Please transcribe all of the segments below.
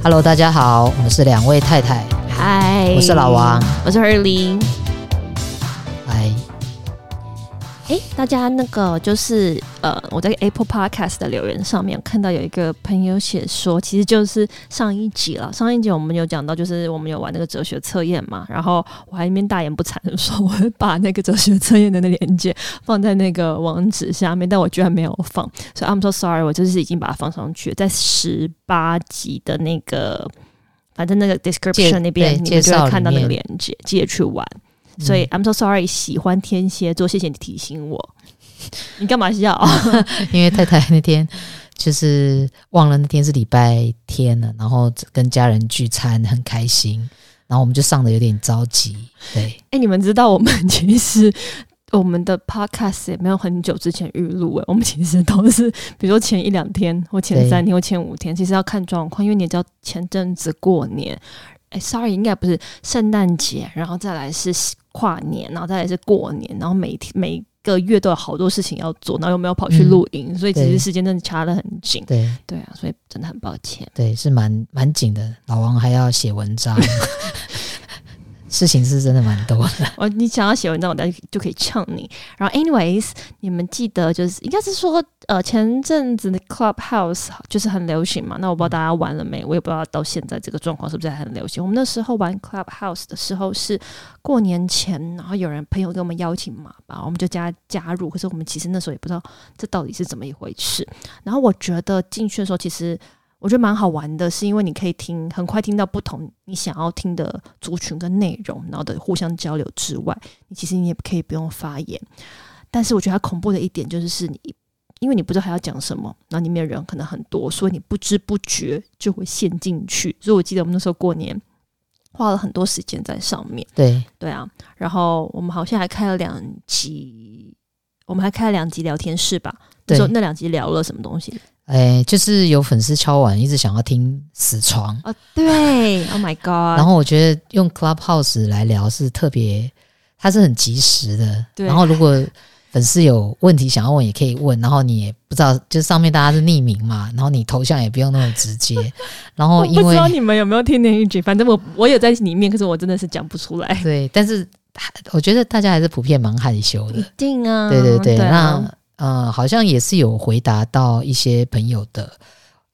Hello，大家好，我們是兩位太太。嗨，Hi, 我是老王，我是 Hurly。哎，大家那個就是呃，我在 Apple Podcast 的留言上面看到有一個朋友寫說，其實就是上一集了。上一集我們有講到，就是我們有玩那個哲學測驗嘛，然後我還一邊大言不慚的說，我把那個哲學測驗的那鏈接放在那個網址下面，但我居然沒有放。所以 I'm so sorry，我就是已經把它放上去了，在十八集的那個反正、啊、那個 description 那邊，你們就要看到那個鏈接，記得去玩。所以、嗯、I'm so sorry，喜歡天蠍座，謝謝你提醒我。 你幹嘛笑？因為太太那天就是忘了，那天是禮拜天了，然後跟家人聚餐很開心，然後我們就上的有點着急。對，哎、欸，你們知道我們其實我們的 podcast 也沒有很久之前預錄誒，我們其實都是、嗯、比如說前一兩天或前三天對或前五天，其實要看狀況，因為你知道前陣子過年，哎、欸、sorry，應該不是聖誕節，然後再來是跨年，然後再來是過年，然後每天每個月都有好多事情要做，然後又沒有跑去錄音，嗯、所以其實時間真的掐得很緊。對，對啊，所以真的很抱歉。對，是蠻蠻緊的，老王還要寫文章。 事情是真的蠻多的哦。我你想要寫文章，那我就可以嗆你。然後，anyways，你們記得就是，應該是說，呃，前陣子的 Clubhouse 就是很流行嘛。那我不知道大家玩了沒，我也不知道到現在這個狀況是不是還很流行。我們那時候玩 Clubhouse 的時候是過年前，然後有人朋友給我們邀請嘛，然後我們就加加入。可是我們其實那時候也不知道這到底是怎麼一回事。然後我覺得進去的時候，其實。我覺得蠻好玩的，是因為你可以聽很快聽到不同你想要聽的族群跟內容，然後的互相交流之外，你其實你也可以不用發言。但是我覺得它恐怖的一點就是，是你因為你不知道還要講什麼，然後裡面的人可能很多，所以你不知不覺就會陷進去。所以我記得我們那時候過年花了很多時間在上面。對對啊，然後我們好像還開了兩集，我們還開了兩集聊天室吧。那時候那兩集聊了什麼東西？哎，就是有粉絲敲碗，一直想要聽死床哦，對，Oh my god！然後我覺得用 Clubhouse 來聊是特別，它是很及時的。對。然後如果粉絲有問題想要問，也可以問。然後你也不知道，就是上面大家是匿名嘛， 然後你頭像也不用那麼直接。然後因為，因我不知道你們有沒有聽那一句，反正我我有在裡面，可是我真的是講不出來。對，但是我覺得大家還是普遍蠻害羞的。一定啊！對對對，那、啊。嗯、呃，好像也是有回答到一些朋友的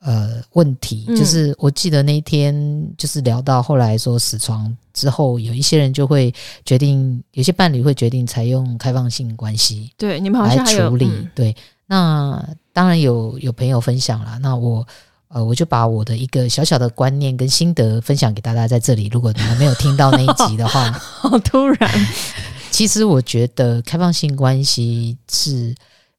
呃問題，嗯、就是我記得那一天就是聊到後來說死床之後，有一些人就會決定，有些伴侶會決定採用開放性關係。對，你們好像還處理、嗯、對。那當然有有朋友分享了。那我呃我就把我的一個小小的觀念跟心得分享給大家在這裡。如果你們沒有聽到那一集的話， 好突然、嗯。其實我覺得開放性關係是。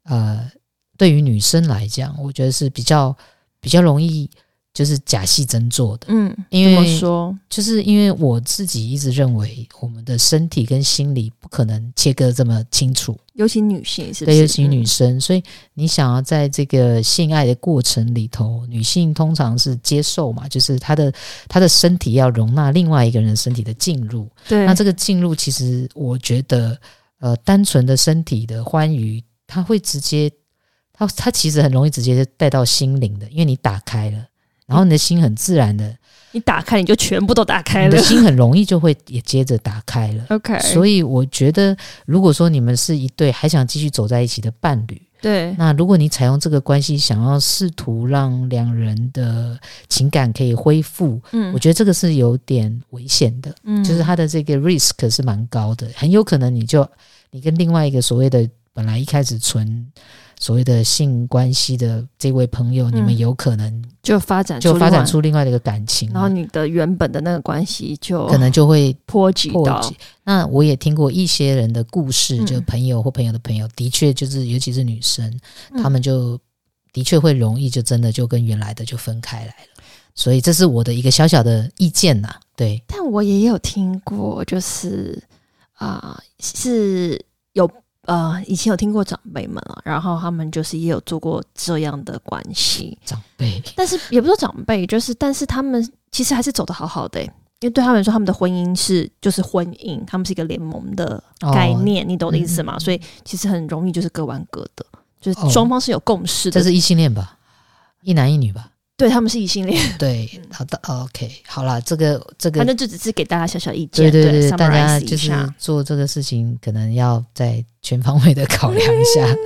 呃，對於女生來講，我覺得是比較比較容易，就是假戲真做的。嗯，因為什麼說，就是因為我自己一直認為，我們的身體跟心理不可能切割這麼清楚，尤其女性是不是？對，尤其女生，嗯。所以你想要在這個性愛的過程裡頭，女性通常是接受嘛，就是她的她的身體要容納另外一個人身體的進入。對。那這個進入，其實我覺得，呃，單純的身體的歡愉。他會直接，他他其實很容易直接帶到心靈的，因為你打開了，然後你的心很自然的，你打開你就全部都打開了，你的心很容易就會也接着打開了。OK，所以我覺得，如果說你們是一對還想繼續走在一起的伴侶，對，那如果你採用這個關係，想要試圖讓兩人的情感可以恢復，嗯，我覺得這個是有點危險的，嗯，就是他的這個 risk 是蠻高的，很有可能你就你跟另外一個所謂的。本來一開始純所謂的性關係的這位朋友，嗯、你們有可能就發展就發展出另外的一個感情，然後你的原本的那個關係就可能就會波及到。那我也聽過一些人的故事，就朋友或朋友的朋友，嗯、的確就是尤其是女生，她、嗯、們就的確會容易就真的就跟原來的就分開來了。所以這是我的一個小小的意見吶、啊，對。但我也有聽過，就是啊、呃，是有。呃，以前有聽過長輩們啊，然後他們就是也有做過這樣的關係長輩，但是也不是長輩，就是但是他們其實還是走的好好的，欸，因為對他們來說，他們的婚姻是就是婚姻，他們是一個聯盟的概念，哦、你懂我的意思嗎？嗯、所以其實很容易就是各玩各的，就是雙方是有共識的，哦、這是異性戀吧，一男一女吧。對他們是異性戀，嗯，對，好的，OK，好了，這個這個，反正就只是給大家小小意見，對對，對，對 summarize 大家就是做這個事情，下可能要再全方位的考量一下。嗯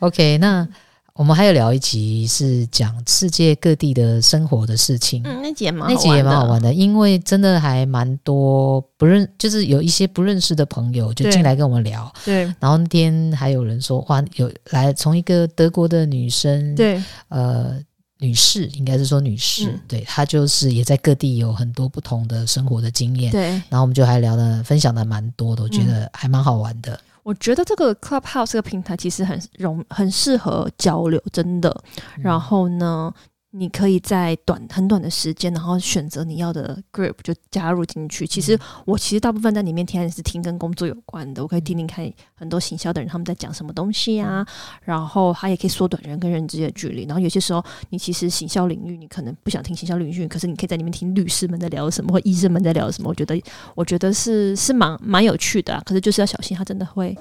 ，OK，那我們還有聊一集是講世界各地的生活的事情，嗯，那集那集也蠻好玩的，因為真的還蠻多不認，就是有一些不認識的朋友就進來跟我們聊，對，對然後那天還有人說，哇，有來從一個德國的女生，對，呃。女士，應該是說女士，嗯、對她就是也在各地有很多不同的生活的經驗，對，然後我們就還聊了分享的蠻多的，我覺得還蠻好玩的、嗯。我覺得這個 Clubhouse 這個平台其實很容很適合交流，真的。然後呢？嗯你可以在短很短的時間，然後選擇你要的 group 就加入進去。其實、嗯、我其實大部分在裡面聽還是聽跟工作有關的，我可以聽聽看很多行銷的人他們在講什麼東西啊。然後他也可以縮短人跟人之間的距離。然後有些時候你其實行銷領域，你可能不想聽行銷領域，可是你可以在裡面聽律師們在聊什麼或醫生們在聊什麼。我覺得我覺得是是蠻蠻有趣的啊，可是就是要小心，它真的會。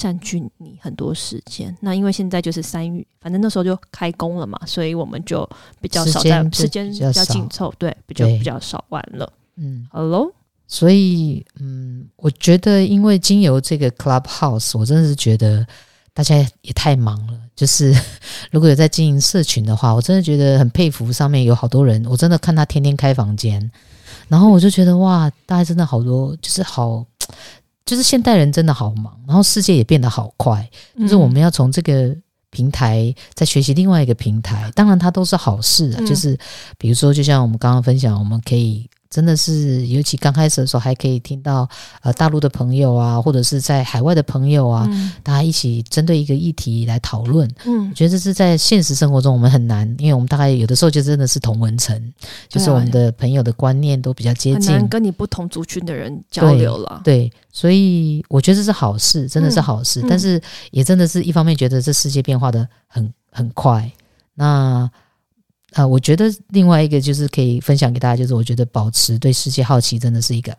佔據你很多時間，那因為現在就是三月，反正那時候就開工了嘛，所以我們就比較少在時間比較緊湊，對，比較對，比較少玩了。嗯，Hello？所以，嗯，我覺得因為經由這個 Clubhouse，我真的是覺得大家也太忙了。就是如果有在經營社群的話，我真的覺得很佩服上面有好多人。我真的看他天天開房間，然後我就覺得哇，大家真的好多，就是好。就是現代人真的好忙，然後世界也變得好快。嗯、就是我們要從這個平台再學習另外一個平台，當然它都是好事啊。嗯、就是比如說，就像我們剛剛分享，我們可以。真的是，尤其剛開始的時候，還可以聽到呃大陸的朋友啊，或者是在海外的朋友啊，嗯、大家一起針對一個議題來討論。嗯，我覺得這是在現實生活中我們很難，因為我們大概有的時候就真的是同溫層，就是我們的朋友的觀念都比較接近，啊、很難跟你不同族群的人交流了對。對，所以我覺得這是好事，真的是好事。嗯、但是也真的是一方面覺得這世界變化得很很快。那啊、呃，我覺得另外一個就是可以分享給大家，就是我覺得保持對世界好奇真的是一個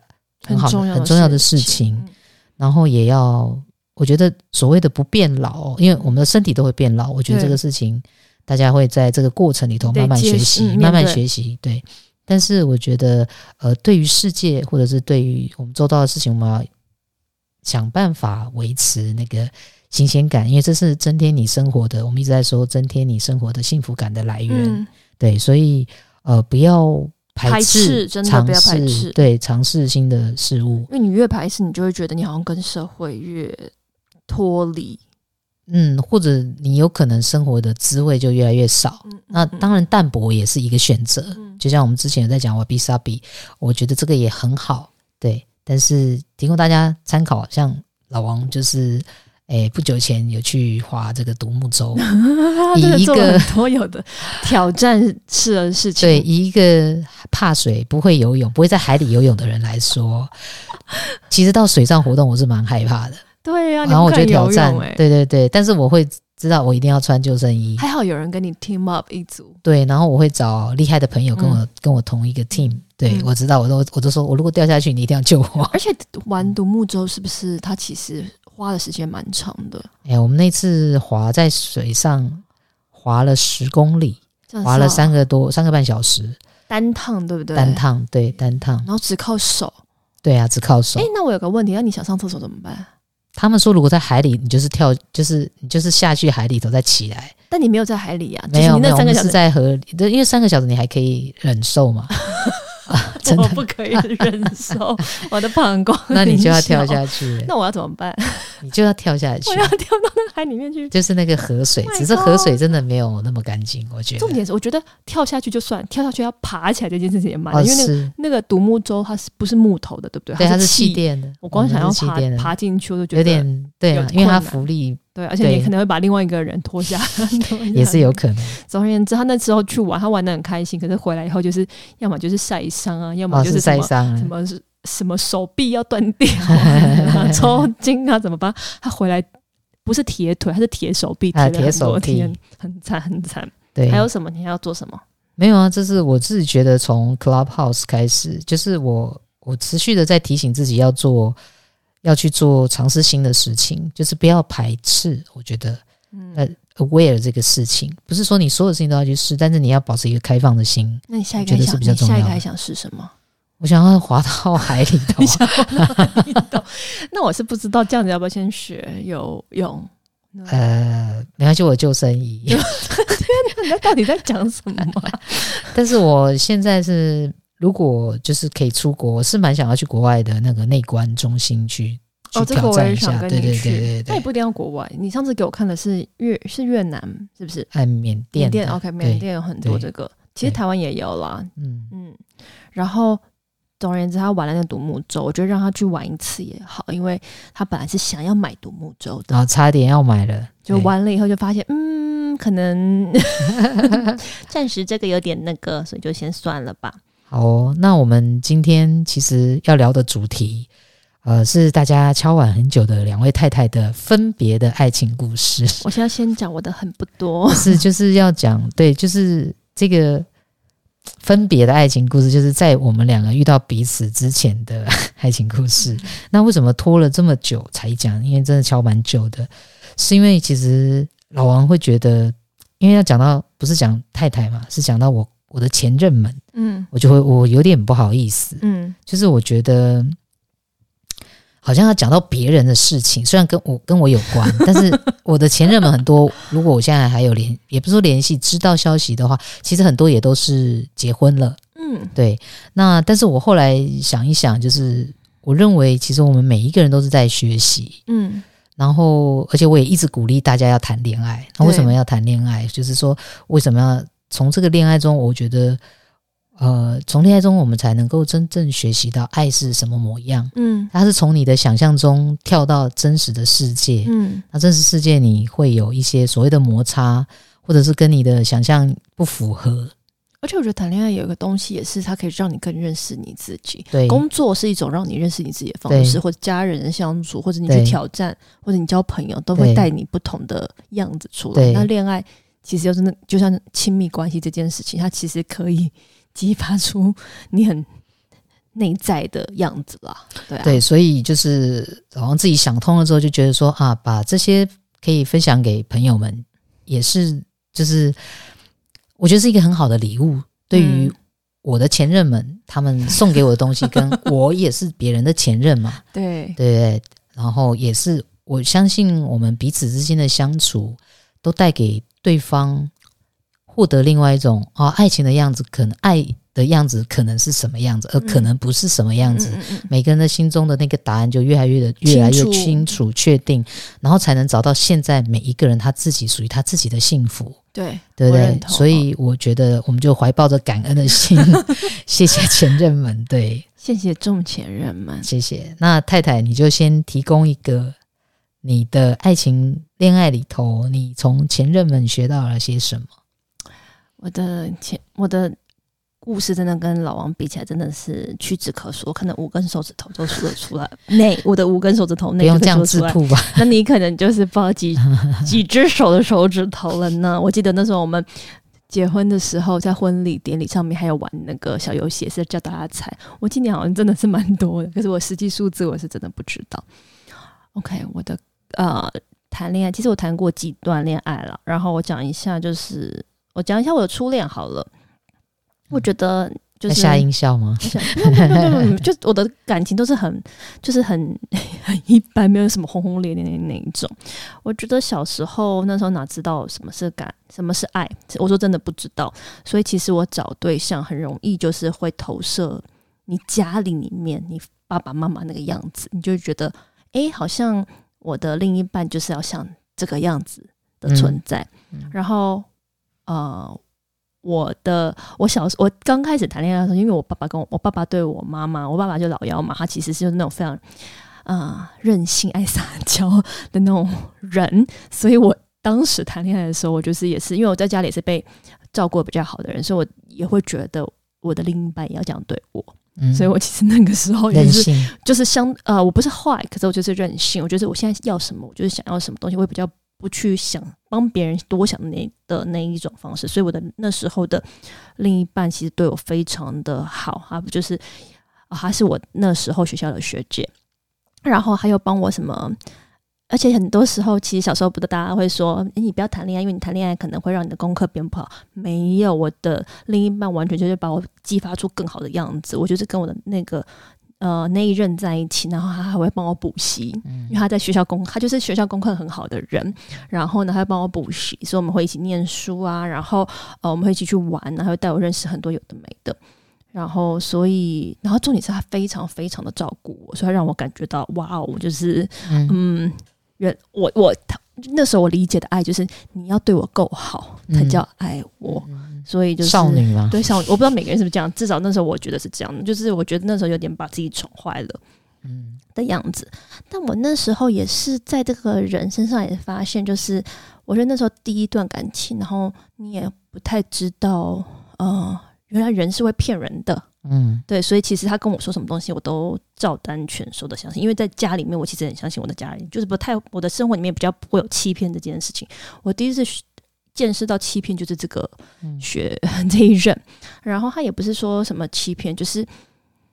很好很重要的事情。事情然後也要我覺得所謂的不變老，因為我們的身體都會變老，我覺得這個事情大家會在這個過程裡頭慢慢學習，慢慢學習。對，但是我覺得呃，對於世界或者是對於我們做到的事情，我們要想辦法維持那個新鮮感，因為這是增添你生活的，我們一直在說增添你生活的幸福感的來源。嗯。對，所以呃，不要排斥，排斥，真的不要排斥，嘗試，對，嘗試新的事物，嗯，因為你越排斥，你就會覺得你好像跟社會越脫離，嗯，或者你有可能生活的滋味就越來越少。嗯嗯，那當然淡泊也是一個選擇，嗯，就像我們之前有在講瓦比沙比，我覺得這個也很好，對。但是提供大家參考，像老王就是。誒，不久前有去划這個獨木舟，以一個所有的挑戰式事情，對，以一個怕水、不會游泳、不會在海裡游泳的人來說，其實到水上活動我是蠻害怕的。 對呀、啊，然後我就挑戰，欸、對對對，但是我會知道我一定要穿救生衣。還好有人跟你 team up 一組，對，然後我會找厲害的朋友跟我、嗯、跟我同一個 team，對、嗯、我知道，我都我都說我如果掉下去，你一定要救我。而且玩獨木舟是不是它其實？花的時間蠻長的。哎、欸，我們那次滑在水上滑了十公里，滑了三個多三個半小時，單趟對不對？單趟對單趟，單趟然後只靠手。對啊，只靠手。哎、欸，那我有個問題，那你想上廁所怎麼辦？他們說，如果在海裡，你就是跳，就是你就是下去海裡頭再起來。但你沒有在海裡啊，沒有，你那三個小時在河裡，因為三個小時你還可以忍受嘛。 我不可以忍受我的膀胱。那你就要跳下去。那我要怎麼辦？你就要跳下去。我要跳到那海裡面去，就是那個河水，只是河水真的沒有那麼乾淨，我覺得。重點是，我覺得跳下去就算，跳下去要爬起來這件事情也蠻難，因為那個那個獨木舟它是不是木頭的，對不對？對，它是氣墊的。我光想要爬爬進去，我就覺得有點對，因為它浮力。對，而且你也可能會把另外一個人拖下，對也是有可能。總而言之，他那時候去玩，他玩得很開心，可是回來以後就是要麼就是曬傷啊，要麼就是曬傷，什麼是、啊、什麼什麼手臂要斷掉、啊、 抽筋啊，怎麼辦？他回來不是鐵腿，他是鐵手臂，鐵、啊、手臂，手臂很慘很慘。對，還有什麼？你還要做什麼？沒有啊，這是我自己覺得，從 Clubhouse 開始，就是我我持續的在提醒自己要做。要去做嘗試新的事情，就是不要排斥。我覺得，嗯、呃，aware 這個事情，不是說你所有事情都要去試，但是你要保持一個開放的心。那你下一個還想，你下一個還想試什麼？我想要滑到海裡頭。那我是不知道，這樣子要不要先學游泳？有用。呃，沒關係，我的救生衣。那 到底在講什麼？ 但是我現在是。如果就是可以出國，我是蠻想要去國外的那個內觀中心去去挑戰一下。哦，這個我也想跟你去，對,對對對對對。但也不一定要國外。你上次給我看的是越是越南，是不是？哎，緬甸緬甸 OK，緬甸有很多這個。其實台灣也有啦。嗯對嗯。然後總而言之，他玩了那獨木舟，我覺得讓他去玩一次也好，因為他本來是想要買獨木舟的，然後、哦、差點要買了，就玩了以後就發現，嗯，可能 暫時這個有點那個，所以就先算了吧。好哦，那我們今天其實要聊的主題，呃，是大家敲碗很久的兩位太太的分別的愛情故事。我現在先講我的，很不多， 是就是要講，對，就是這個分別的愛情故事，就是在我們兩個遇到彼此之前的愛情故事。那為什麼拖了這麼久才講？因為真的敲蠻久的，是因為其實老王會覺得，因為要講到不是講太太嘛，是講到我。我的前任們，嗯，我就會我有點不好意思，嗯，就是我覺得好像要講到別人的事情，雖然跟我跟我有關， 但是我的前任們很多，如果我現在還有聯，也不是說聯繫，知道消息的話，其實很多也都是結婚了，嗯，對，那但是我後來想一想，就是我認為其實我們每一個人都是在學習，嗯，然後而且我也一直鼓勵大家要談戀愛，那為什麼要談戀愛？對就是說為什麼要？從這個戀愛中，我覺得，呃，從戀愛中我們才能夠真正學習到愛是什麼模樣。嗯，它是從你的想象中跳到真實的世界。嗯，那真實世界你會有一些所謂的摩擦，或者是跟你的想象不符合。而且我覺得談戀愛有一個東西，也是它可以讓你更認識你自己。對，工作是一種讓你認識你自己的方式，對或者家人相處，或者你去挑戰，對或者你交朋友，都會帶你不同的樣子出來。對那戀愛。其實就是那，就像親密關係這件事情，它其實可以激發出你很內在的樣子啦，對啊，對，所以就是好像自己想通了之後，就覺得說啊，把這些可以分享給朋友們，也是就是我覺得是一個很好的禮物。嗯、對於我的前任們，他們送給我的東西， 跟我也是別人的前任嘛，對對，然後也是我相信我們彼此之間的相處都帶給。對方獲得另外一種啊、哦，愛情的樣子，可能愛的樣子，可能是什麼樣子，而可能不是什麼樣子。嗯、每個人的心中的那個答案就越來越的楚越來越清楚，確定，然後才能找到現在每一個人他自己屬於他自己的幸福。對，對不對？所以我覺得，我們就懷抱着感恩的心， 謝謝前任們，對，謝謝眾前任們，謝謝。那太太，你就先提供一個。你的愛情戀愛裡頭，你從前任們學到了些什麼？我的前我的故事真的跟老王比起來，真的是屈指可數，我可能五根手指頭都數得出來。那 我的五根手指頭，不用這樣自曝吧？ 那你可能就是抱幾幾只手的手指頭了呢。 我記得那時候我們結婚的時候，在婚禮典禮上面還有玩那個小遊戲，是叫大家猜。我今年好像真的是蠻多的，可是我實際數字我是真的不知道。OK，我的。呃，談戀愛，其實我談過幾段戀愛了。然後我講一下，就是我講一下我的初戀好了。嗯、我覺得就是那那下音效嗎、嗯嗯嗯嗯嗯。就我的感情都是很，就是很很一般，沒有什麼轟轟烈烈的那一種。我覺得小時候那時候哪知道什麼是感，什麼是愛？我說真的不知道。所以其實我找對象很容易，就是會投射你家裡裡面你爸爸媽媽那個樣子，你就覺得哎、欸，好像。我的另一半就是要像這個樣子的存在。嗯嗯、然後，呃，我的我小我剛開始談戀愛的時候，因為我爸爸跟我，我爸爸對我媽媽，我爸爸就老幺嘛，他其實是就是那種非常啊、呃、任性愛撒嬌的那種人，所以我當時談戀愛的時候，我就是也是因為我在家裡也是被照顧比較好的人，所以我也會覺得我的另一半也要這樣對我。所以我其實那個時候也是，就是，任性，就是相呃，我不是壞，可是我就是任性。我覺得我現在要什麼，我就是想要什麼東西，我也比較不去想幫別人多想那的那一種方式。所以我的那時候的另一半其實對我非常的好，啊，不就是還是我那時候學校的學姐，然後還有幫我什麼。而且很多時候，其實小時候不是大家會說：“哎、欸，你不要談戀愛，因為你談戀愛可能會讓你的功課變不好。”沒有，我的另一半完全就是把我激發出更好的樣子。我就是跟我的那個呃那一任在一起，然後他還會幫我補習，嗯、因為他在學校功，他就是學校功課很好的人。然後呢，他會幫我補習，所以我們會一起念書啊，然後呃，我們會一起去玩，然後帶我認識很多有的沒的。然後所以，然後重點是他非常非常的照顧我，所以他讓我感覺到哇哦，我就是嗯。嗯我我他那時候，我理解的愛就是你要對我夠好才叫愛我，嗯、所以就是少女啦，對少女。我不知道每個人是不是這樣，至少那時候我覺得是這樣。就是我覺得那時候有點把自己寵壞了嗯。的樣子。嗯、但我那時候也是在這個人身上也發現，就是我覺得那時候第一段感情，然後你也不太知道，呃、嗯，原來人是會騙人的。嗯，對，所以其實他跟我說什麼東西，我都照單全收的相信。因為在家裡面，我其實很相信我的家人，就是不太我的生活裡面比較不會有欺騙這件事情。我第一次見識到欺騙，就是這個學這一任，嗯、然後他也不是說什麼欺騙，就是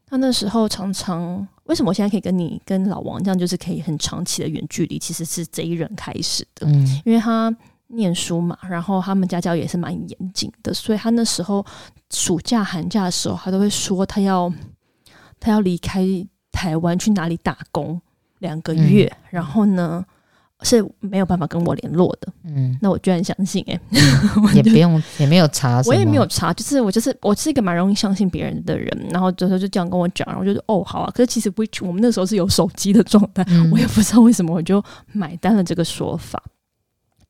他那時候常常為什麼我現在可以跟你跟老王這樣，就是可以很長期的遠距離，其實是這一任開始的，嗯，因為他。念書嘛，然後他們家教也是蠻嚴謹的，所以他那時候暑假寒假的時候，他都會說他要他要離開台灣去哪裡打工兩個月，嗯、然後呢是沒有辦法跟我聯絡的。嗯，那我居然相信誒也不用也沒有查，我也沒有查，就是我就是我是一個蠻容易相信別人的人，然後之候這時候就是這樣跟我講，然後就是哦好啊，可是其實 WeChat 我們那時候是有手機的狀態，嗯、我也不知道為什麼我就買單了這個說法。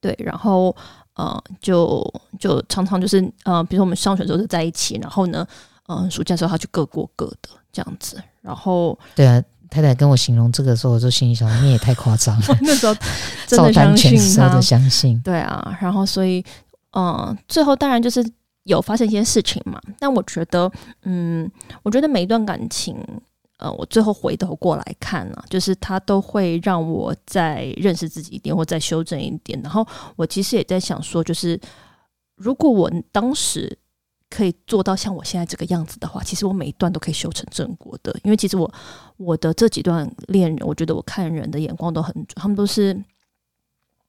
對，然後呃，就就常常就是呃，比如說我們上學的時候就在一起，然後呢，嗯、呃，暑假的時候他就各過各的這樣子，然後對啊，太太跟我形容這個時候，我就心裡想你也太誇張了， 那時候真的相信他，照單全收的相信對啊，然後所以呃，最後當然就是有發生一些事情嘛，但我覺得嗯，我覺得每一段感情。呃、嗯，我最後回頭過來看了，啊，就是他都會讓我再認識自己一點，或再修正一點。然後我其實也在想說，就是如果我當時可以做到像我現在這個樣子的話，其實我每一段都可以修成正果的。因為其實我我的這幾段戀人，我覺得我看人的眼光都很準，他們都是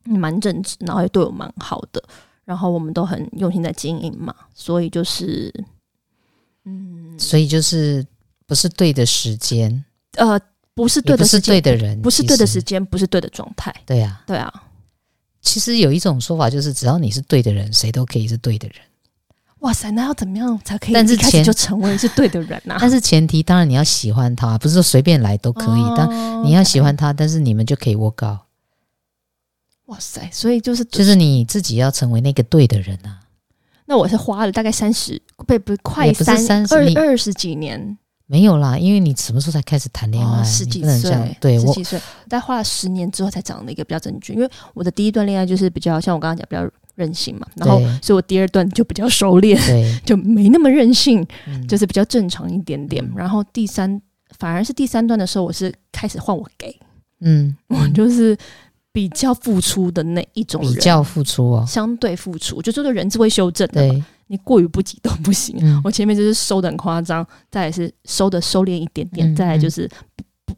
蠻正直，然後也對我蠻好的。然後我們都很用心在經營嘛，所以就是，嗯，所以就是。不是對的時間，呃，不是對的時間，不是對的人，不是對的時間，不是對的狀態。對呀，對啊。其實有一種說法就是，只要你是對的人，誰都可以是對的人。哇塞，那要怎麼樣才可以？但是你就成為是對的人啊？但是前提當然你要喜歡他，不是說隨便來都可以。但你要喜歡他，但是你們就可以 work out。哇塞，所以就是就是你自己要成為那個對的人啊。那我是花了大概三十，不不，快三三二二十幾年。沒有啦，因為你什麼時候才開始談戀愛？十幾歲，對，十幾歲。但花了十年之後才長了一個比較正確。因為我的第一段戀愛就是比較像我剛剛講比較任性嘛，然後，對所以我第二段就比較熟練，對就沒那麼任性，嗯、就是比較正常一點點。嗯、然後第三，反而是第三段的時候，我是開始換我給，嗯，我就是比較付出的那一種人，比較付出哦，相對付出。就覺得人是會修正的。對你過於不及都不行。嗯、我前面就是收得很誇張，再來是收得收斂一點點，嗯嗯、再來就是不不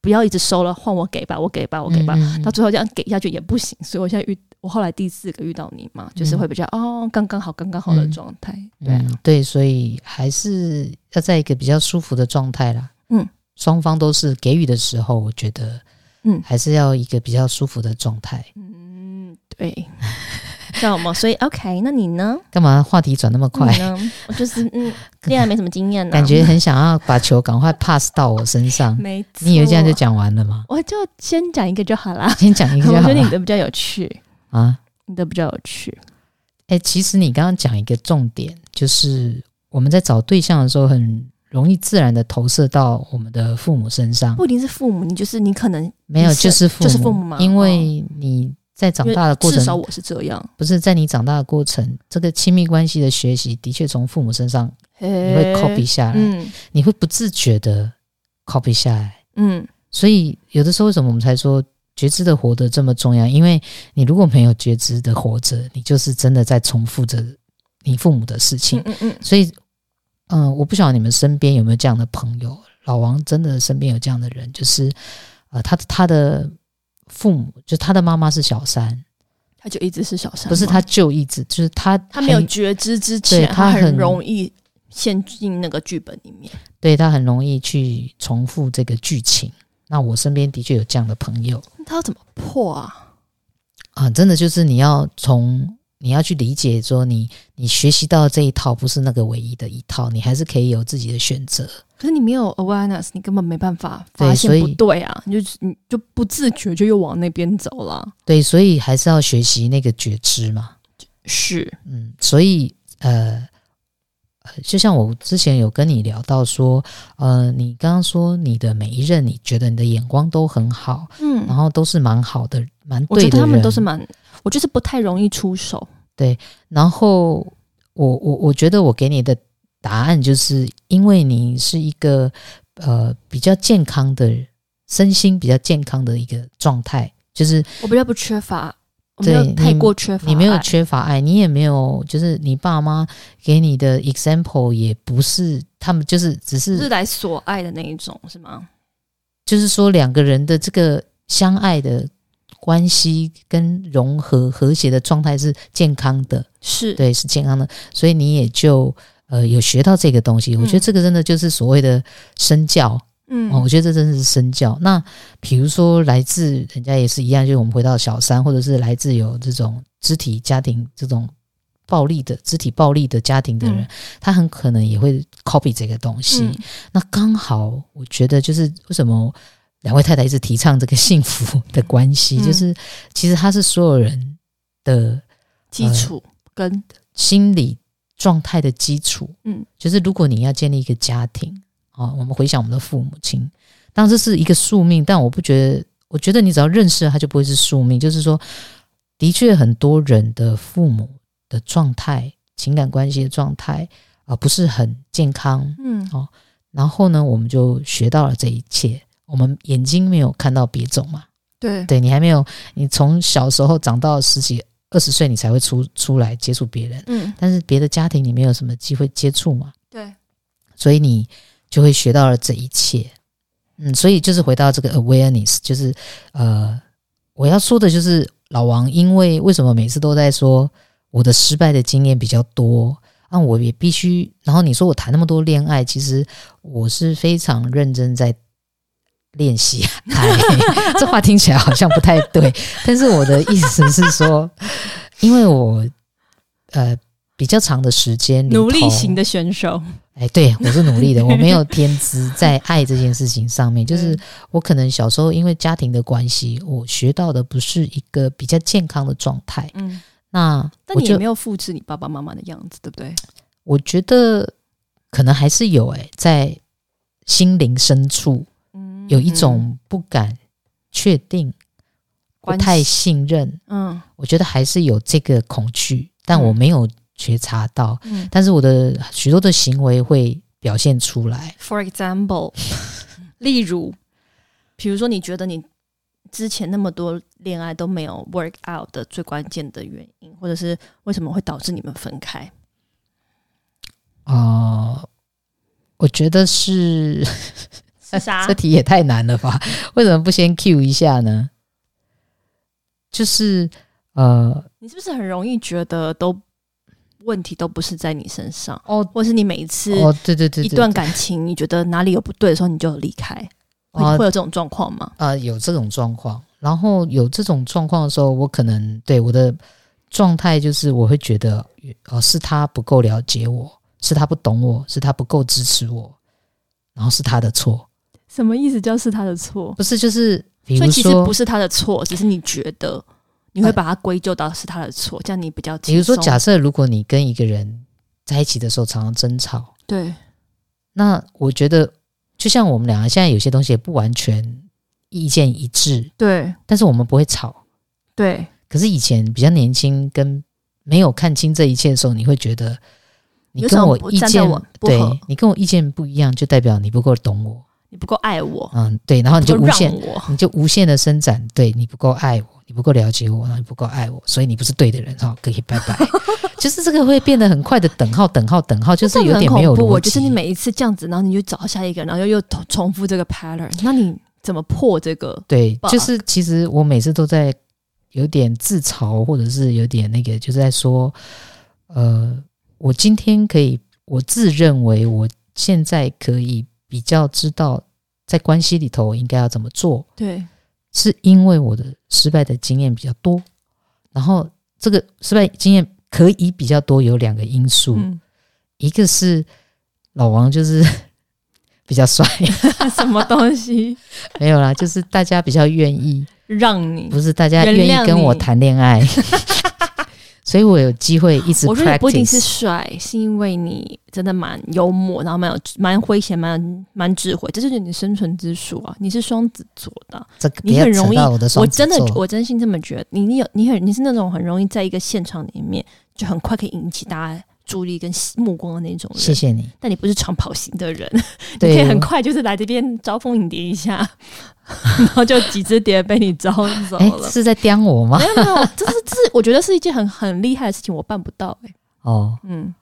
不要一直收了，換我給吧，我給吧，我給吧，嗯、到最後這樣給下去也不行。所以我現在遇我後來第四個遇到你嘛，就是會比較、嗯、哦，剛剛好，剛剛好的狀態。嗯、對、啊、對，所以還是要在一個比較舒服的狀態啦。嗯，雙方都是給予的時候，我覺得嗯，還是要一個比較舒服的狀態。嗯，對。 知道嗎？所以 OK，那你呢？幹嘛話題轉那麼快呢？我就是嗯，戀愛沒什麼經驗啊，感覺很想要把球趕快 pass 到我身上。 沒做，你以為這樣就講完了嗎？我就先講一個就好了。先講一個就好，我覺得你的比較有趣啊，你的比較有趣。欸，其實你剛剛講一個重點，就是我們在找對象的時候，很容易自然的投射到我們的父母身上。不一定是父母，你就是你可能你沒有，就是父母，就是父母，因為你。在長大的過程，至少我是這樣。不是在你長大的過程，這個親密關係的學習，的確從父母身上嘿你會 copy 下來，嗯、你會不自覺的 copy 下來。嗯，所以有的時候為什麼我們才說覺知的活得這麼重要？因為你如果沒有覺知的活着，你就是真的在重複着你父母的事情。嗯嗯。所以，嗯、呃，我不曉得你們身邊有沒有這樣的朋友。老王真的身邊有這樣的人，就是呃，他的他的。父母就他的媽媽是小三，他就一直是小三，不是他就一直就是他，他沒有覺知之前，對，他很，他很容易陷進那個劇本裡面，對，他很容易去重複這個劇情。那我身邊的確有這樣的朋友，他怎麼破啊？啊，真的就是你要從。你要去理解，說你你學習到這一套不是那個唯一的一套，你還是可以有自己的選擇。可是你沒有 awareness，你根本沒辦法發現對不對啊！你就你就不自覺就又往那邊走了。對，所以還是要學習那個覺知嘛。是，嗯，所以呃呃，就像我之前有跟你聊到說，呃，你剛剛說你的每一任，你覺得你的眼光都很好，嗯，然後都是蠻好的，蠻對。我覺得他們都是蠻。我就是不太容易出手。對，然後我我我覺得我給你的答案就是因為你是一個呃比較健康的身心比較健康的一個狀態，就是我比較不缺乏，對，太過缺乏。你，你沒有缺乏愛，你也沒有就是你爸媽給你的 example 也不是他們就是只是是來索愛的那一種是嗎？就是說兩個人的這個相愛的。關係跟融合和諧的狀態是健康的，是對，是健康的。所以你也就呃有學到這個東西。我覺得這個真的就是所謂的身教，嗯、哦，我覺得這真的是身教。那比如說來自人家也是一樣，就是我們回到小三，或者是來自有這種肢體家庭這種暴力的肢體暴力的家庭的人，嗯、他很可能也會 copy 這個東西。嗯、那剛好，我覺得就是為什麼。兩位太太一直提倡這個幸福的關係，嗯、就是其實它是所有人的基礎跟、呃、心理狀態的基礎。嗯，就是如果你要建立一個家庭啊、哦，我們回想我們的父母親，當時是一個宿命，但我不覺得，我覺得你只要認識了它，就不會是宿命。就是說，的確很多人的父母的狀態、情感關係的狀態啊、呃，不是很健康。嗯，哦，然後呢，我們就學到了這一切。我們眼睛沒有看到別種嘛？對，對，對你還沒有，你從小時候長到十幾二十歲，你才會出出來接觸別人。嗯，但是別的家庭你沒有什麼機會接觸嘛？對，所以你就會學到了這一切。嗯，所以就是回到這個 awareness，就是呃，我要說的就是老王，因為為什麼每次都在說我的失敗的經驗比較多，那、啊、我也必須，然後你說我談那麼多戀愛，其實我是非常認真在。練習、哎，這話聽起來好像不太對， 但是我的意思是說，因為我呃比較長的時間努力型的選手，哎，對，我是努力的， 我沒有天資在愛這件事情上面，就是我可能小時候因為家庭的關係，我學到的不是一個比較健康的狀態，嗯，那但你有沒有複製你爸爸媽媽的樣子，對不對？我覺得可能還是有、欸，哎，在心靈深處。有一種不敢確定、嗯、不太信任。嗯，我覺得還是有這個恐懼，但我沒有覺察到。嗯，但是我的許多的行為會表現出來。嗯、For example， 例如，比如說，你覺得你之前那麼多戀愛都沒有 work out 的最關鍵的原因，或者是為什麼會導致你們分開？啊、呃，我覺得是。 啊、這題也太難了吧？為什麼不先 Q 一下呢？就是呃，你是不是很容易覺得都問題都不是在你身上哦？或是你每一次哦，對對對，對，一段感情你覺得哪裡有不對的時候，你就有離開，哦、會有這種狀況嗎？啊、呃，有這種狀況，然後有這種狀況的時候，我可能對我的狀態就是我會覺得哦、呃，是他不夠了解我，是他不懂我，是他不夠支持我，然後是他的錯。什麼意思？就是他的錯？不是，就是比如說，所以其實不是他的錯，只是你覺得你會把它歸咎到是他的錯，啊、這樣你比較。比如說，假設如果你跟一個人在一起的時候常常爭吵，對，那我覺得就像我們兩個，現在有些東西也不完全意見一致，對，但是我們不會吵，對。可是以前比較年輕，跟沒有看清這一切的時候，你會覺得你跟我意見對，你跟我意見不一樣，就代表你不夠懂我。你不夠愛我，嗯，對，然後你就無限，讓我，你就無限的伸展，對，你不夠愛我，你不夠了解我，然後你不夠愛我，所以你不是對的人，哈，可以拜拜。 就是這個會變得很快的，等號，等號，等號，就是有點沒有邏輯。不，就是你每一次這樣子，然後你就找下一個，然後又又重複這個 pattern， 那你怎麼破這個？對，就是其實我每次都在有點自嘲，或者是有點那個，就是在說，呃，我今天可以，我自認為我現在可以。比較知道在關係裡頭我應該要怎麼做，對，是因為我的失敗的經驗比較多，然後這個失敗經驗可以比較多有兩個因素，嗯，一個是老王就是比較帥，什麼東西 沒有啦，就是大家比較願意讓你，不是大家願意跟我談戀愛。 所以我有機會一直，我認為不僅是帥，是因為你真的蠻幽默，然後蠻有蠻詼諧，蠻蠻智慧，這就是你的生存之術啊！你是雙子座的，個你很容易，扯到我的雙子座。我真的，我真心這麼覺得。你你有你很你是那種很容易在一個現場裡面就很快可以引起大家。助力跟目光的那種人，謝謝你。但你不是長跑型的人，對 你可以很快就是來這邊招蜂引蝶一下，我 然後就幾隻蝶被你招走了。欸、是在雕我嗎？沒有沒有，這是這是我覺得是一件很很厲害的事情，我辦不到、欸、哦，嗯，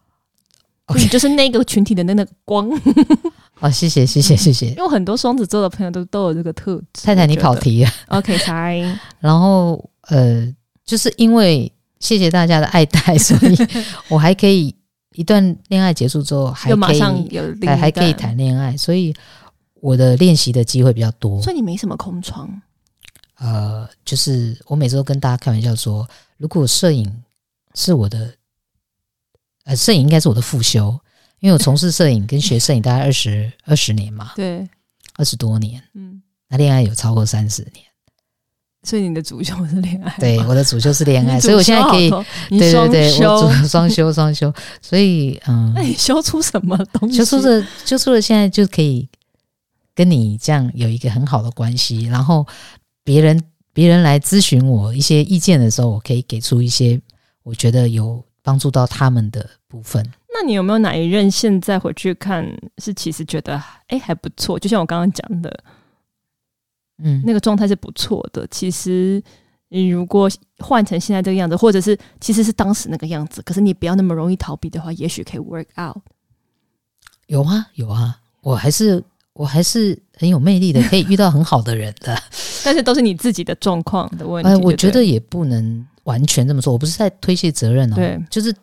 okay 就是那個群體的那個光。 哦，謝謝謝謝謝謝。謝謝因為很多雙子座的朋友都都有這個特質。太太，你跑題了。OK，才。然後呃，就是因為謝謝大家的愛戴，所以我還可以。一段戀愛結束之後還可以，還馬上有還還可以談戀愛，所以我的練習的機會比較多，所以你沒什麼空窗？呃，就是我每次都跟大家開玩笑說，如果攝影是我的，呃，攝影應該是我的副修，因為我從事攝影跟學攝影大概二十二十年嘛，對，二十多年，嗯，那戀愛有超過三十年。所以你的主修是戀愛，對，我的主修是戀愛， 所以我現在可以，對對對，我雙修雙修，所以嗯，那你、欸、修出什麼東西？修出了，修出了，現在就可以跟你這樣有一個很好的關係。然後別人別人來諮詢我一些意見的時候，我可以給出一些我覺得有幫助到他們的部分。那你有沒有哪一任現在回去看，是其實覺得哎、欸、還不錯？就像我剛剛講的。嗯，那個狀態是不錯的。其實，你如果換成現在這個樣子，或者是其實是當時那個樣子，可是你不要那麼容易逃避的話，也許可以 work out。有啊，有啊，我還是我還是很有魅力的，可以遇到很好的人的。 但是都是你自己的狀況的問題。哎、呃，我覺得也不能完全這麼說，我不是在推卸責任哦。對，就是。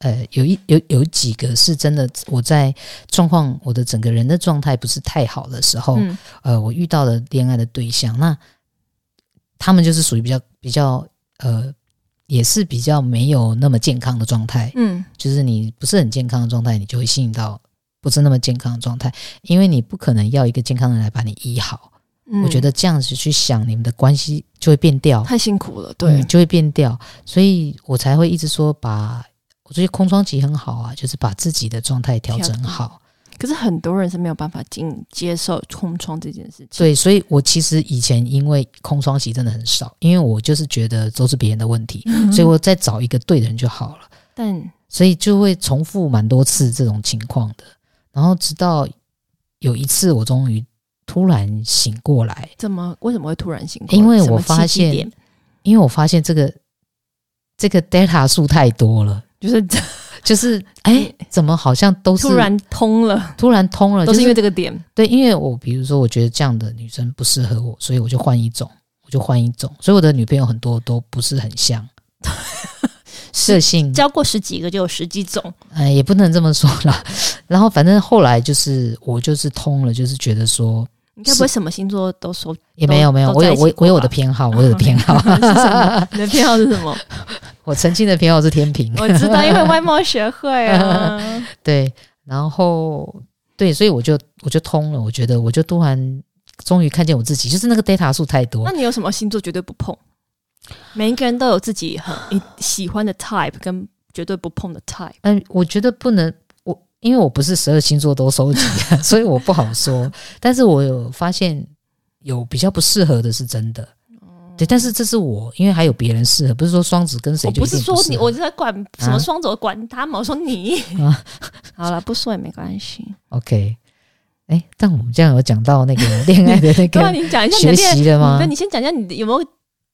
呃，有一有有幾個是真的，我在狀況我的整個人的狀態不是太好的時候，嗯、呃，我遇到了戀愛的對象，那他們就是屬於比較比較呃，也是比較沒有那麼健康的狀態，嗯，就是你不是很健康的狀態，你就會吸引到不是那麼健康的狀態，因為你不可能要一個健康的人來把你醫好，嗯、我覺得這樣子去想，你們的關係就會變掉，太辛苦了，對、嗯，就會變掉，所以我才會一直說把。我覺得空窗期很好啊，就是把自己的狀態調整好。可是很多人是沒有辦法進接受空窗這件事情。對，所以我其實以前因為空窗期真的很少，因為我就是覺得都是別人的問題，嗯、哼所以我再找一個對的人就好了。但所以就會重複蠻多次這種情況的。然後直到有一次，我終於突然醒過來。怎麼？為什麼會突然醒過來？因為我發現，因為我發現這個這個 data 數太多了。就是就是，哎、就是欸，怎麼好像都是突然通了，突然通了，就是、都是因為這個點。對，因為我比如說，我覺得這樣的女生不適合我，所以我就換一種，我就換一種，所以我的女朋友很多都不是很像。 色性交過十幾個就有十幾種，哎、欸，也不能這麼說啦。然後反正後來就是我就是通了，就是覺得說。你該不會什麼星座都說，也沒有沒有，啊、我有我我有我的偏好，我有的偏好，啊、 你的偏好是什麼？我曾經的偏好是天平， 我知道，因為外貌協會、啊。 對，然後對，所以我就我就通了，我覺得我就突然終於看見我自己，就是那個 data 數太多。那你有什麼星座絕對不碰？每一個人都有自己很喜歡的 type 跟絕對不碰的 type。嗯，我覺得不能。因為我不是十二星座都收集， 所以我不好說。但是我有發現有比較不適合的是真的，嗯、對。但是這是我，因為還有別人適合，不是說雙子跟誰。我不是說你，我是在管什麼雙子，啊、我管他們。我說你，啊、好了，不說也沒關係。OK，哎、欸，但我們這樣有講到那個戀愛的那個的你對、啊，你講一下學習了嗎？那你先講一下你有沒有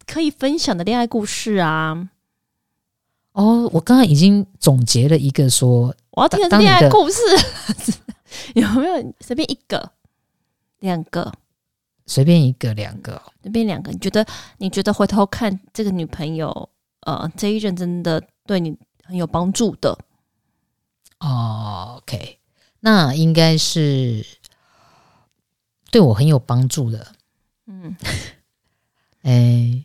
可以分享的戀愛故事啊？哦，oh, 我剛剛已經總結了一個說，我要聽的戀愛故事， 有沒有？隨便一個、兩個，隨便一個、兩個，隨便兩個。你覺得？你覺得回頭看這個女朋友，呃，這一任真的對你很有幫助的？哦，OK，那應該是對我很有幫助的。嗯，哎。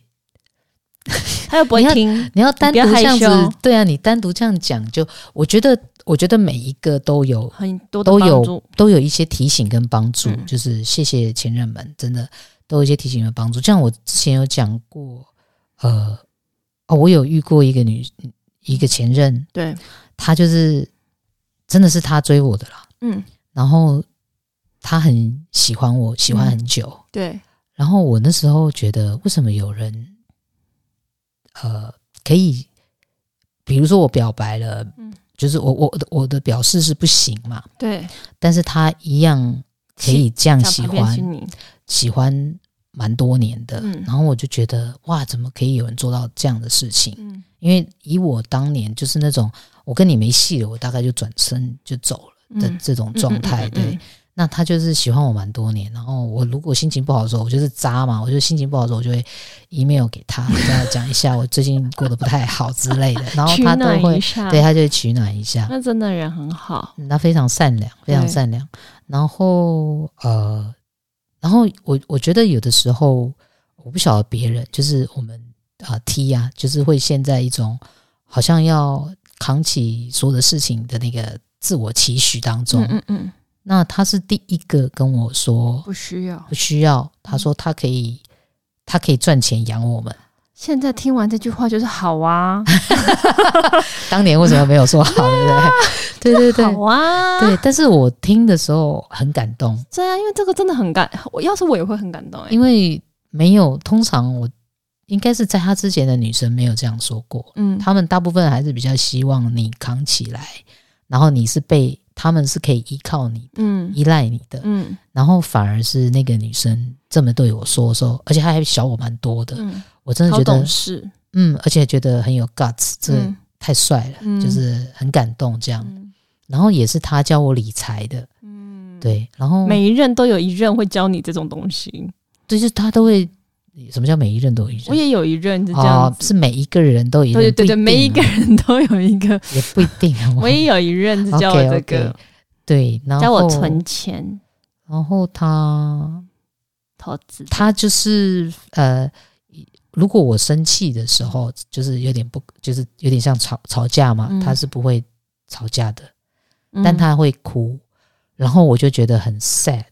他又不會聽，你要單獨這樣子，對啊，你單獨這樣講，就我覺得，我覺得每一個都有很多都有都有一些提醒跟幫助，嗯、就是謝謝前任們，真的都有一些提醒跟幫助。像我之前有講過，呃，哦，我有遇過一個女一個前任，嗯、對，她就是真的是她追我的啦，嗯，然後她很喜歡我喜歡很久，嗯、對，然後我那時候覺得為什麼有人。呃，可以，比如說我表白了，嗯、就是我我的我的表示是不行嘛，對，但是他一樣可以這樣喜歡，喜歡蠻多年的，嗯、然後我就覺得哇，怎麼可以有人做到這樣的事情？嗯、因為以我當年就是那種我跟你沒戲了，我大概就轉身就走了的這種狀態，嗯嗯嗯嗯嗯、對。那他就是喜歡我蠻多年，然後我如果心情不好的時候，我就是渣嘛，我就心情不好的時候，我就會 email 給他，跟他講一下我最近過得不太好之類的， 然後他都會，對他就會取暖一下。那真的人很好，他非常善良，非常善良。對然後呃，然後我我覺得有的時候我不曉得別人，就是我們、呃、T 啊，T 呀，就是會陷在一種好像要扛起所有的事情的那個自我期許當中，嗯，嗯嗯。那他是第一個跟我說不需要，不需要。他說他可以，嗯、他可以賺錢養我們。現在聽完這句話就是好啊， 當年為什麼沒有說好，對不？啊、對？對對對，好啊，對。但是我聽的時候很感動。對啊，因為這個真的很感，我要是我也會很感動，欸、因為沒有，通常我應該是在他之前的女生沒有這樣說過，嗯，他們大部分還是比較希望你扛起來，然後你是被。他們是可以依靠你的，嗯，依賴你的，嗯，然後反而是那個女生這麼對我說說，而且她還小我蠻多的，嗯，我真的覺得懂事，嗯，而且覺得很有 guts，這太帥了，嗯、就是很感動這樣。嗯、然後也是她教我理財的，嗯，對，然後每一任都有一任會教你這種東西，對，就是她都會。什麼叫每一任都一任？我也有一任就這樣子、哦、是每一個人都有一任，對，對對對，不一定啊、每一個人都有一個也不一定、啊。 我也有一任就叫我這個，okay, okay. 對，教我存錢，然後他投資，他就是呃，如果我生氣的時候，就是有點不，就是有點像吵吵架嘛，嗯、他是不會吵架的，嗯、但他會哭，然後我就覺得很 sad。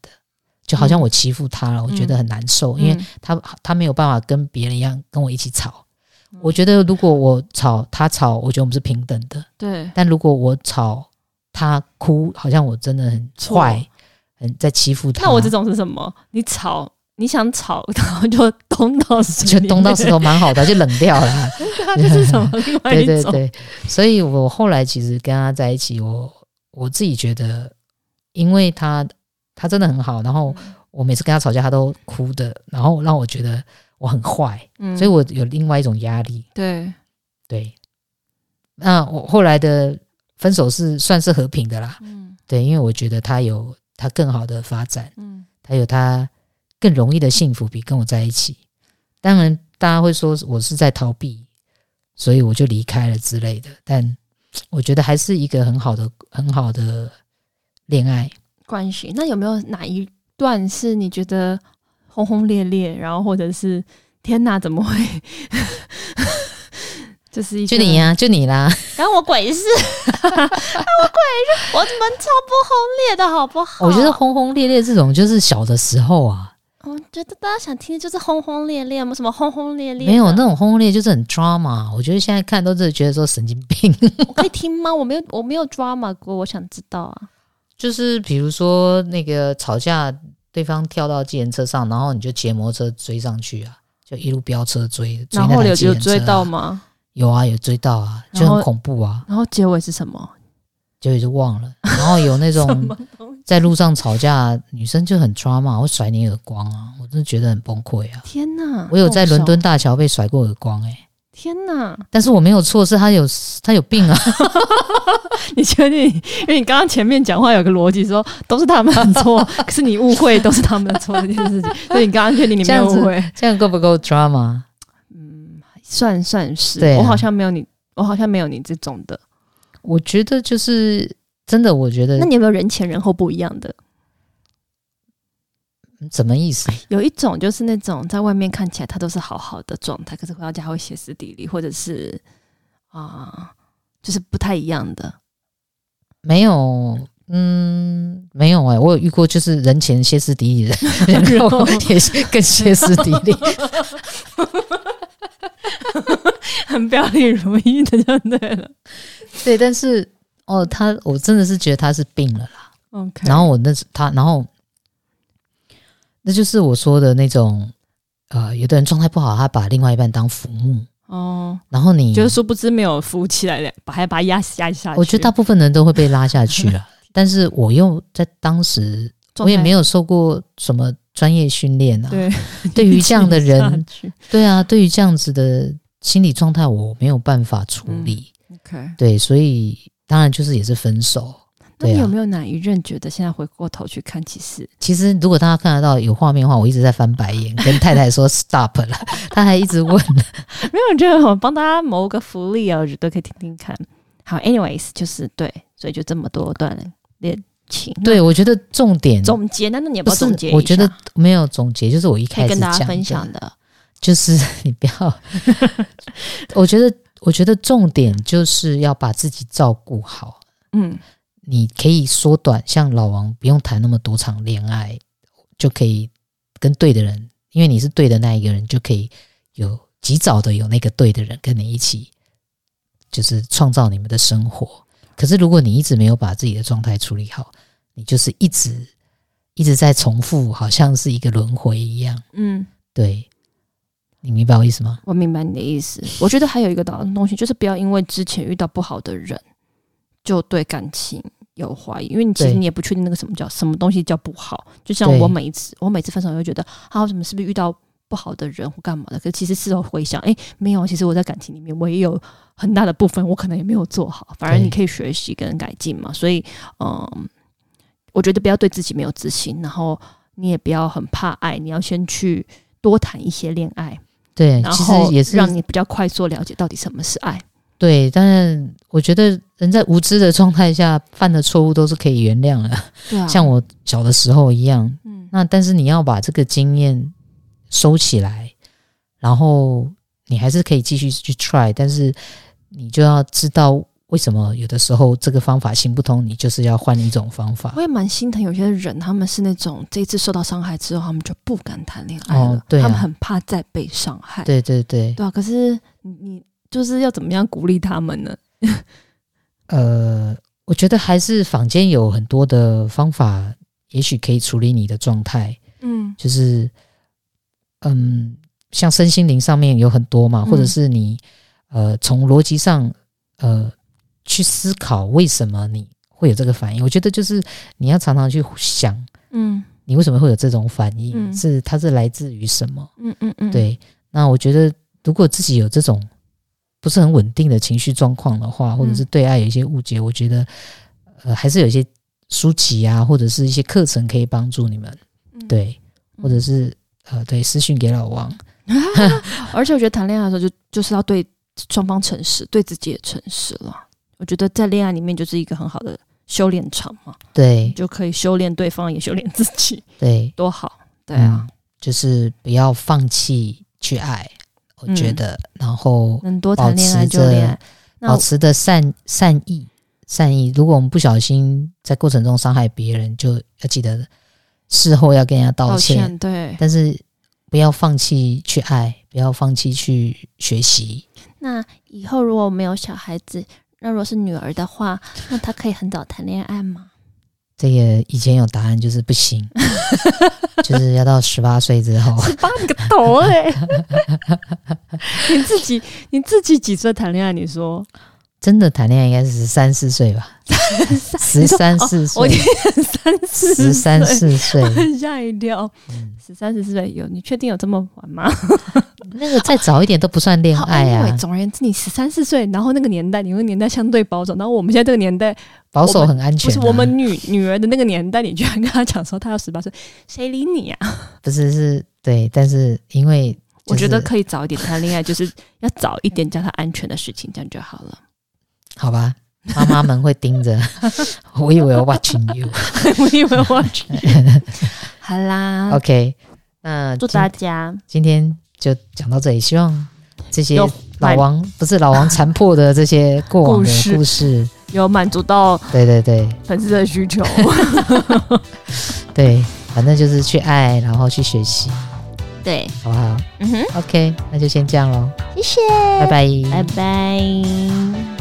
就好像我欺負他了，嗯、我覺得很難受，嗯、因為他他沒有辦法跟別人一樣跟我一起吵。嗯、我覺得如果我吵他吵，我覺得我們是平等的。對，但如果我吵他哭，好像我真的很壞，錯很在欺負他。那我這種是什麼？你吵你想吵，然 後就咚到就咚到石頭，蠻 好的，就冷掉了。 他就是什麼種？ 對，對對對，所以我後來其實跟他在一起，我我自己覺得，因為他。他真的很好，然後我每次跟他吵架，他都哭的，然後讓我覺得我很壞，嗯，所以我有另外一種壓力，對，對。那我後來的分手是算是和平的啦，嗯，對，因為我覺得他有他更好的發展，嗯，他有他更容易的幸福比跟我在一起。當然，大家會說我是在逃避，所以我就離開了之類的。但我覺得還是一個很好的、很好的戀愛。關係，那有沒有哪一段是你覺得轟轟烈烈，然後或者是天哪，怎麼會？ 就是就你呀、啊，就你啦。然後我， 我鬼是，我鬼是，我怎麼超不轟烈的好不好？我覺得轟轟烈烈這種就是小的時候啊。我覺得大家想聽的就是轟轟烈烈嗎？什麼轟轟烈烈？沒有那種轟轟烈烈，就是很 drama。我覺得現在看都是覺得說神經病。 我可以聽嗎？我沒有，我沒有 drama 過，我想知道啊。就是比如說那個吵架，對方跳到計程車上，然後你就騎摩托車追上去啊，就一路飆車追，追那車啊，然後有有追到嗎？有啊，有追到啊，就很恐怖啊。然後，然後結尾是什麼？結尾就一直忘了。然後有那種在路上吵架，女生就很 drama，會甩你耳光啊，我真的覺得很崩潰啊！天吶哪我有在倫敦大橋被甩過耳光誒、欸天吶，但是我沒有錯，是他有他有病啊！ 你確定？因為你剛剛前面講話有個邏輯，說都是他們的錯，可是你誤會，都是他們， 是是他們的錯這件事情。 所以你剛剛確定你沒有誤會這，這樣夠不夠 drama？嗯，算算是。啊、我好像沒有你，我好像沒有你這種的。我覺得就是真的，我覺得。那你有沒有人前人後不一樣的？怎麼意思？有一種就是那種在外面看起來他都是好好的狀態，可是回到家會歇斯底里，或者是啊、呃，就是不太一樣的。沒有，嗯，沒有哎、欸，我有遇過，就是人前歇斯底里，人 然後也是更柔 歇斯底里， 很表裡如一的就對了。對對，但是哦，他我真的是覺得他是病了啦。OK，然後我那時他然後。那就是我說的那種，呃，有的人狀態不好，他把另外一半當浮木。哦，然後你就是殊不知沒有浮起來的，還把他把他壓壓下去。我覺得大部分人都會被拉下去了， 但是我又在當時，態我也沒有受過什麼專業訓練啊。對，對於這樣的人， 對啊，對於這樣子的心理狀態，我沒有辦法處理。嗯、OK，對，所以當然就是也是分手。那你有沒有哪一任覺得現在回過頭去看，其實、啊、其實如果大家看得到有畫面的話，我一直在翻白眼，跟太太說 stop 了，她 還一直問。 沒有，我覺得我幫大家謀個福利啊，我覺得可以聽聽看。好，anyways，就是對，所以就這麼多段戀情。嗯、問對我覺得重點總結，難道你也不要總結是？我覺得沒有總結，就是我一開始講講跟大家分享的，就是你不要。 我覺得，我覺得重點就是要把自己照顧好。嗯。你可以縮短，像老王不用談那麼多場戀愛，就可以跟對的人，因為你是對的那一個人，就可以有及早的有那個對的人跟你一起，就是創造你們的生活。可是如果你一直沒有把自己的狀態處理好，你就是一直一直在重複，好像是一個輪迴一樣。嗯，對，你明白我意思嗎？我明白你的意思。我覺得還有一個道理的東西，就是不要因為之前遇到不好的人，就對感情。有懷疑，因為你其實你也不確定那個什麼叫對什麼東西叫不好。就像我每一次，對我每次分手，我就覺得啊，什麼是不是遇到不好的人或幹嘛的？可是其實事後回想，誒，沒有。其實我在感情裡面，我也有很大的部分，我可能也沒有做好。反而你可以學習跟改進嘛。對所以，嗯，我覺得不要對自己沒有自信，然後你也不要很怕愛，你要先去多談一些戀愛。對，然後其實也是讓你比較快速了解到底什麼是愛。對，但是我覺得人在無知的狀態下犯的錯誤都是可以原諒的，對啊，像我小的時候一樣。嗯，那但是你要把這個經驗收起來，然後你還是可以繼續去 try，但是你就要知道為什麼有的時候這個方法行不通，你就是要換一種方法。我也蠻心疼有些人，他們是那種這一次受到傷害之後，他們就不敢談戀愛了，哦對啊，他們很怕再被傷害。對對對，對啊。可是你。你就是要怎麼樣鼓勵他們呢？ 呃，我覺得還是坊間有很多的方法，也許可以處理你的狀態。嗯，就是嗯，像身心靈上面有很多嘛，嗯、或者是你呃，從邏輯上呃去思考為什麼你會有這個反應。我覺得就是你要常常去想，嗯，你為什麼會有這種反應？嗯、是它是來自於什麼？嗯嗯嗯。對，那我覺得如果自己有這種不是很穩定的情緒狀況的話，或者是對愛有一些誤解，嗯、我覺得，呃，還是有一些書籍啊，或者是一些課程可以幫助你們。嗯、對，或者是、嗯、呃，對，私訊給老王哈哈。而且我覺得談戀愛的時候就，就就是要對雙方誠實，對自己也誠實了。我覺得在戀愛裡面就是一個很好的修煉場嘛。對，就可以修煉對方，也修煉自己。對，多好。對啊、嗯，就是不要放棄去愛。我覺得，嗯、然後，多保持着，保持的善我善意善意。如果我們不小心在過程中傷害別人，就要記得事後要跟人家道歉。嗯、道歉，對，但是不要放棄去愛，不要放棄去學習。那以後如果沒有小孩子，那如果是女兒的話，那她可以很早談戀愛嗎？ 這個以前有答案就是不行，就是要到十八歲之後。十八你個頭哎！你自己你自己幾歲談戀愛？你說真的談戀愛應該是十三四歲吧？十三四歲，十三四歲，嚇一跳，十三四歲有你確定有這麼晚嗎？那個再早一點都不算戀愛啊。總而言之，你十三四歲，然後那個年代，你們年代相對保守，然後我們現在這個年代。保守很安全，啊。不是我們女女兒的那個年代，你居然跟她講說她要十八歲，誰理你啊？不是是對，但是因為、就是、我覺得可以早一點談戀愛，就是要早一點叫她安全的事情，這樣就好了。好吧，媽媽們會盯着， 我以為我 watching you，我以為我 watching。 好啦，OK，那祝大家今，今天就講到這裡，希望這些。老王不是老王殘破的這些過往的故事，故事有滿足到對對對粉絲的需求， 對，反正就是去愛，然後去學習，對，好不好？嗯哼，OK，那就先這樣嘍，謝謝，拜拜 bye，拜拜。